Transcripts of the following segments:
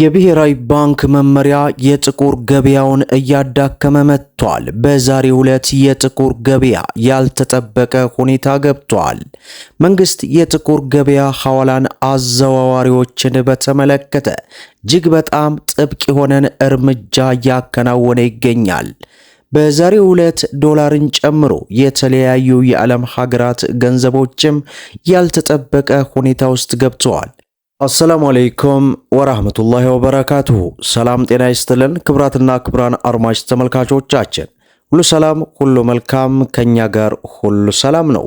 የብሔራዊ ባንክ መመሪያ የጥቁር ገበያውን እያዳከመ መጥቷል። በዛሬው ዕለት የጥቁር ገበያ ያልተጠበቀ ሁኔታ ገብቷል። መንግስት የጥቁር ገበያ ሐዋላን አዘዋዋሪዎችን በተመለከተ እጅግ በጣም ጥብቅ የሆነን እርምጃ እያከናወነ ይገኛል። በዛሬው ዕለት ዶላርን ጨምሮ የተለያዩ የዓለም ሀገራት ገንዘቦችም ያልተጠበቀ ሁኔታ ውስጥ ገብተዋል። አሰላሙ አለይኩም ወራህመቱላሂ ወበረካቱሁ። ሰላም ጤና ይስጥልን ክብራትና ክብራን አድማጭ ተመልካቾቻችን ሁሉ ሰላም ሁሉ መልካም፣ ከኛ ጋር ሁሉ ሰላም ነው።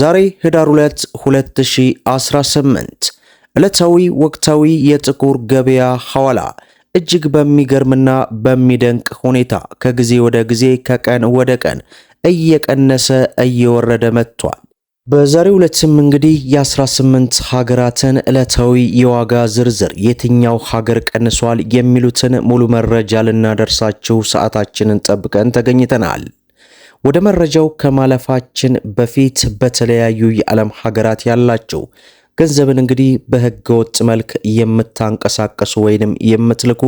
ዛሬ ህዳር 2 2018 ዕለታዊ ወቅታዊ የጥቁር ገበያ ሐዋላ እጅግ በሚገርምና በሚደንቅ ሁኔታ ከጊዜ ወደ ጊዜ ከቀን ወደ ቀን እየቀነሰ እየወረደ መጥቷል። በዛሬው ዕለትም እንግዲህ የ18 ሀገራትን ዕለታዊ የዋጋ ዝርዝር የትኛው ሀገር ቀንሷል የሚሉትን ሙሉ መረጃ ልናደርሳችሁ ሰዓታችንን ጠብቀን ተገኝተናል። ወደ መረጃው ከማለፋችን በፊት በተለያዩ የዓለም ሀገራት ያላችሁ ገንዘብን እንግዲህ በህገወጥ መልክ የምታንቀሳቀሱ ወይንም የምትልኩ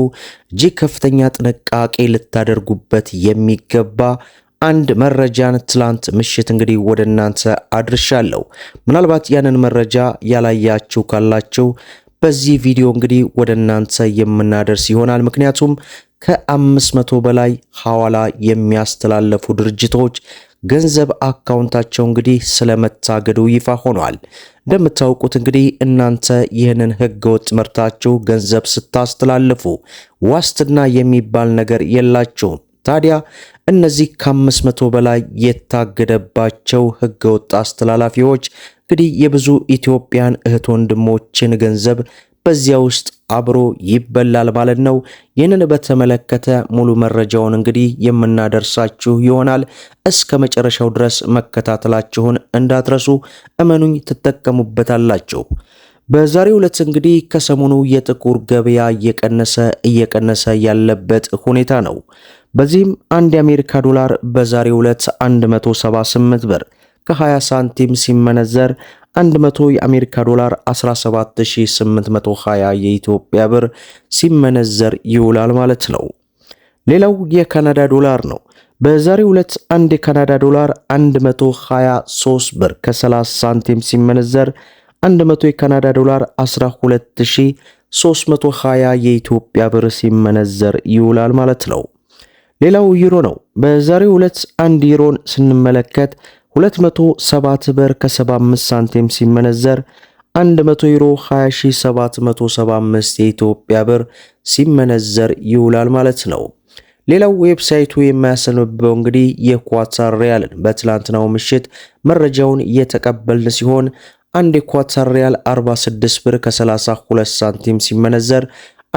እጅግ ከፍተኛ ጥንቃቄ ልታደርጉበት የሚገባ አንድ መረጃን ትላንት ምሽት እንግዲህ ወደ እናንተ አድርሻለሁ። ምናልባት ያንን መረጃ ያላያችሁ ካላችሁ በዚህ ቪዲዮ እንግዲህ ወደ እናንተ የምናደርስ ይሆናል። ምክንያቱም ከአምስት መቶ በላይ ሐዋላ የሚያስተላለፉ ድርጅቶች ገንዘብ አካውንታቸው እንግዲህ ስለመታገዱ ይፋ ሆኗል። እንደምታውቁት እንግዲህ እናንተ ይህንን ህገወጥ ምርታችሁ ገንዘብ ስታስተላልፉ ዋስትና የሚባል ነገር የላችሁም። ታዲያ እነዚህ ከ500 በላይ የታገደባቸው ህገወጥ አስተላላፊዎች እንግዲህ የብዙ ኢትዮጵያን እህት ወንድሞችን ገንዘብ በዚያ ውስጥ አብሮ ይበላል ማለት ነው። ይህንን በተመለከተ ሙሉ መረጃውን እንግዲህ የምናደርሳችሁ ይሆናል። እስከ መጨረሻው ድረስ መከታተላችሁን እንዳትረሱ፣ እመኑኝ ትጠቀሙበታላችሁ። በዛሬው ዕለት እንግዲህ ከሰሞኑ የጥቁር ገበያ እየቀነሰ እየቀነሰ ያለበት ሁኔታ ነው። በዚህም አንድ የአሜሪካ ዶላር በዛሬው ዕለት 178 ብር ከ20 ሳንቲም ሲመነዘር 100 የአሜሪካ ዶላር 17820 የኢትዮጵያ ብር ሲመነዘር ይውላል ማለት ነው። ሌላው የካናዳ ዶላር ነው። በዛሬው ዕለት አንድ የካናዳ ዶላር 123 ብር ከ30 ሳንቲም ሲመነዘር 100 የካናዳ ዶላር 12320 የኢትዮጵያ ብር ሲመነዘር ይውላል ማለት ነው። ሌላው ዩሮ ነው። በዛሬው ዕለት አንድ ዩሮን ስንመለከት 207 ብር ከ75 ሳንቲም ሲመነዘር 100 ዩሮ 20775 የኢትዮጵያ ብር ሲመነዘር ይውላል ማለት ነው። ሌላው ዌብሳይቱ የሚያስነበበው እንግዲህ የኳታር ሪያልን በትላንትናው ምሽት መረጃውን እየተቀበልን ሲሆን አንድ የኳታር ሪያል 46 ብር ከ32 ሳንቲም ሲመነዘር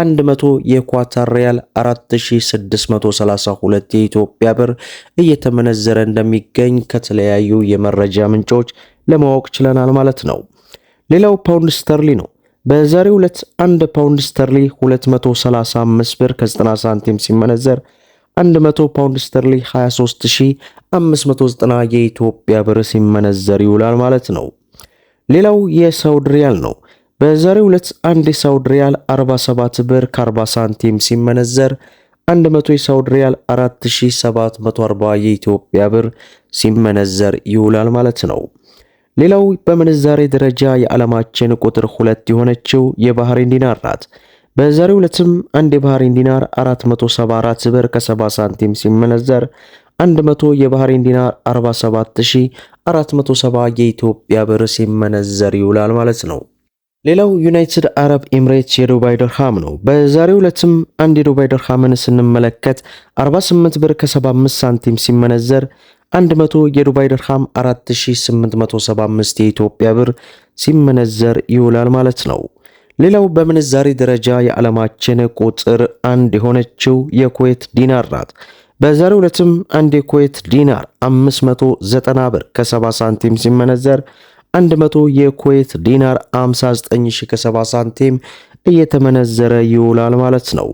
100 የኳታር ሪያል 4632 የኢትዮጵያ ብር እየተመነዘረ እንደሚገኝ ከተለያዩ የመረጃ ምንጮች ለማወቅ ችለናል ማለት ነው። ሌላው ፓውንድ ስተርሊ ነው። በዛሬው ዕለት 1 ፓውንድ ስተርሊ 235 ብር ከ90 ሳንቲም ሲመነዘር 100 ፓውንድ ስተርሊ 23590 የኢትዮጵያ ብር ሲመነዘር ይውላል ማለት ነው። ሌላው የሳውዲ ሪያል ነው። በዛሬው ዕለት አንድ የሳውድ ሪያል 47 ብር ከ40 ሳንቲም ሲመነዘር 100 የሳውድ ሪያል 4740 የኢትዮጵያ ብር ሲመነዘር ይውላል ማለት ነው። ሌላው በምንዛሬ ደረጃ የዓለማችን ቁጥር ሁለት የሆነችው የባህሬን ዲናር ናት። በዛሬው ዕለትም አንድ የባህሬን ዲናር 474 ብር ከ70 ሳንቲም ሲመነዘር 100 የባህሬን ዲናር 47470 የኢትዮጵያ ብር ሲመነዘር ይውላል ማለት ነው። ሌላው ዩናይትድ አረብ ኤምሬትስ የዱባይ ድርሃም ነው። በዛሬው ዕለትም አንድ የዱባይ ድርሃምን ስንመለከት 48 ብር ከ75 ሳንቲም ሲመነዘር 100 የዱባይ ድርሃም 4875 የኢትዮጵያ ብር ሲመነዘር ይውላል ማለት ነው። ሌላው በምንዛሪ ደረጃ የዓለማችን ቁጥር አንድ የሆነችው የኩዌት ዲናር ናት። በዛሬው ዕለትም አንድ የኩዌት ዲናር 590 ብር ከ70 ሳንቲም ሲመነዘር 100 የኩዌት ዲናር ከ70 ሳንቲም እየተመነዘረ ይውላል ማለት ነው።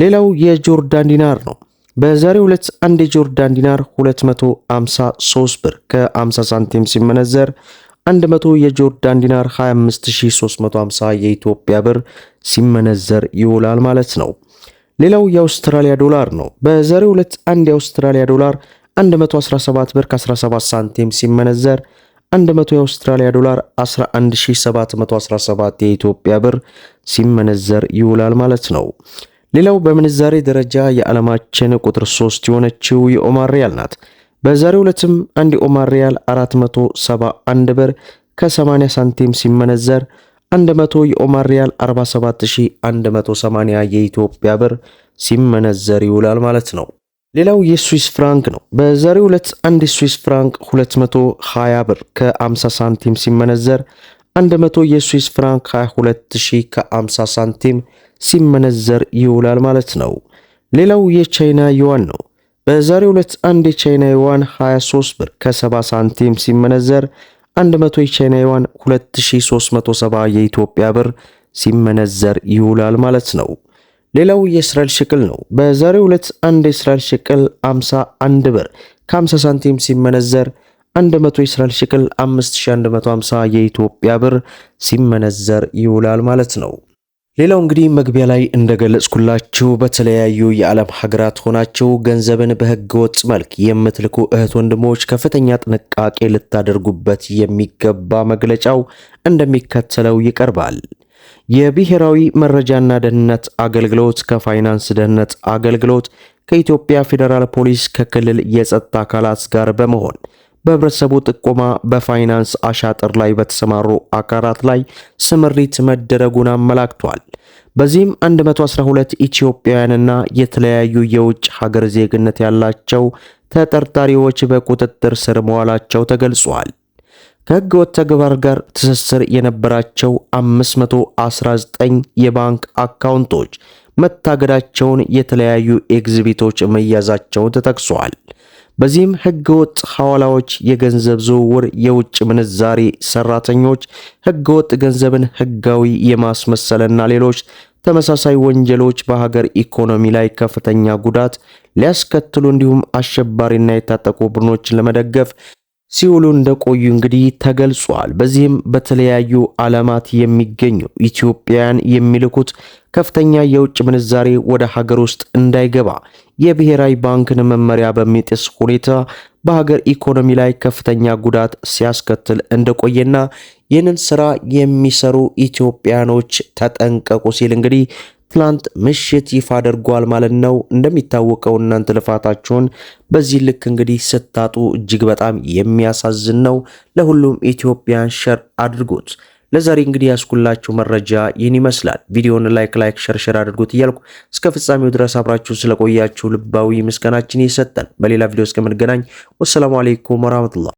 ሌላው የጆርዳን ዲናር ነው። በዛሬው ዕለት አንድ የጆርዳን ዲናር 253 ብር ከ50 ሳንቲም ሲመነዘር 100 የጆርዳን ዲናር 25350 የኢትዮጵያ ብር ሲመነዘር ይውላል ማለት ነው። ሌላው የአውስትራሊያ ዶላር ነው። በዛሬው ዕለት አንድ የአውስትራሊያ ዶላር 117 ብር ከ17 ሳንቲም ሲመነዘር 100 የአውስትራሊያ ዶላር 11717 የኢትዮጵያ ብር ሲመነዘር ይውላል ማለት ነው። ሌላው በምንዛሬ ደረጃ የዓለማችን ቁጥር 3 የሆነችው የኦማር ሪያል ናት። በዛሬ ሁለትም አንድ የኦማር ሪያል 471 ብር ከ80 ሳንቲም ሲመነዘር 100 የኦማር ሪያል 47180 የኢትዮጵያ ብር ሲመነዘር ይውላል ማለት ነው። ሌላው የስዊስ ፍራንክ ነው። በዛሬው ዕለት አንድ የስዊስ ፍራንክ 220 ብር ከ50 ሳንቲም ሲመነዘር 100 የስዊስ ፍራንክ 22000 ከ50 ሳንቲም ሲመነዘር ይውላል ማለት ነው። ሌላው የቻይና ዩዋን ነው። በዛሬው ዕለት አንድ የቻይና ዩዋን 23 ብር ከ70 ሳንቲም ሲመነዘር 100 የቻይና ዩዋን 2370 የኢትዮጵያ ብር ሲመነዘር ይውላል ማለት ነው። ሌላው የእስራኤል ሽቅል ነው። በዛሬው ዕለት አንድ የእስራኤል ሽቅል 51 ብር ከ50 ሳንቲም ሲመነዘር 100 የእስራኤል ሽቅል 5150 የኢትዮጵያ ብር ሲመነዘር ይውላል ማለት ነው። ሌላው እንግዲህ መግቢያ ላይ እንደገለጽኩላችሁ በተለያዩ የዓለም ሀገራት ሆናችሁ ገንዘብን በሕገ ወጥ መልክ የምትልኩ እህት ወንድሞች ከፍተኛ ጥንቃቄ ልታደርጉበት የሚገባ መግለጫው እንደሚከተለው ይቀርባል። የብሔራዊ መረጃና ደህንነት አገልግሎት ከፋይናንስ ደህንነት አገልግሎት ከኢትዮጵያ ፌዴራል ፖሊስ ከክልል የጸጥታ አካላት ጋር በመሆን በህብረተሰቡ ጥቆማ በፋይናንስ አሻጥር ላይ በተሰማሩ አካላት ላይ ስምሪት መደረጉን አመላክቷል። በዚህም 112 ኢትዮጵያውያንና የተለያዩ የውጭ ሀገር ዜግነት ያላቸው ተጠርጣሪዎች በቁጥጥር ስር መዋላቸው ተገልጿል። ከህገ ወጥ ተግባር ጋር ትስስር የነበራቸው 519 የባንክ አካውንቶች መታገዳቸውን፣ የተለያዩ ኤግዚቢቶች መያዛቸውን ተጠቅሷል። በዚህም ህገወጥ ሐዋላዎች፣ የገንዘብ ዝውውር፣ የውጭ ምንዛሪ ሰራተኞች፣ ህገወጥ ገንዘብን ህጋዊ የማስመሰልና ሌሎች ተመሳሳይ ወንጀሎች በሀገር ኢኮኖሚ ላይ ከፍተኛ ጉዳት ሊያስከትሉ እንዲሁም አሸባሪና የታጠቁ ቡድኖችን ለመደገፍ ሲውሉ እንደቆዩ እንግዲህ ተገልጿል። በዚህም በተለያዩ ዓለማት የሚገኙ ኢትዮጵያውያን የሚልኩት ከፍተኛ የውጭ ምንዛሬ ወደ ሀገር ውስጥ እንዳይገባ የብሔራዊ ባንክን መመሪያ በሚጥስ ሁኔታ በሀገር ኢኮኖሚ ላይ ከፍተኛ ጉዳት ሲያስከትል እንደቆየና ይህንን ስራ የሚሰሩ ኢትዮጵያኖች ተጠንቀቁ ሲል እንግዲህ ትላንት ምሽት ይፋ አድርጓል ማለት ነው። እንደሚታወቀው እናንተ ልፋታችሁን በዚህ ልክ እንግዲህ ስታጡ እጅግ በጣም የሚያሳዝን ነው። ለሁሉም ኢትዮጵያን ሸር አድርጉት። ለዛሬ እንግዲህ ያስኩላችሁ መረጃ ይህን ይመስላል። ቪዲዮውን ላይክ ላይክ ሸር ሸር አድርጉት እያልኩ እስከ ፍጻሜው ድረስ አብራችሁ ስለቆያችሁ ልባዊ ምስጋናችን ይሰጠን። በሌላ ቪዲዮ እስከምንገናኝ ወሰላሙ አሌይኩም ወራህመቱላህ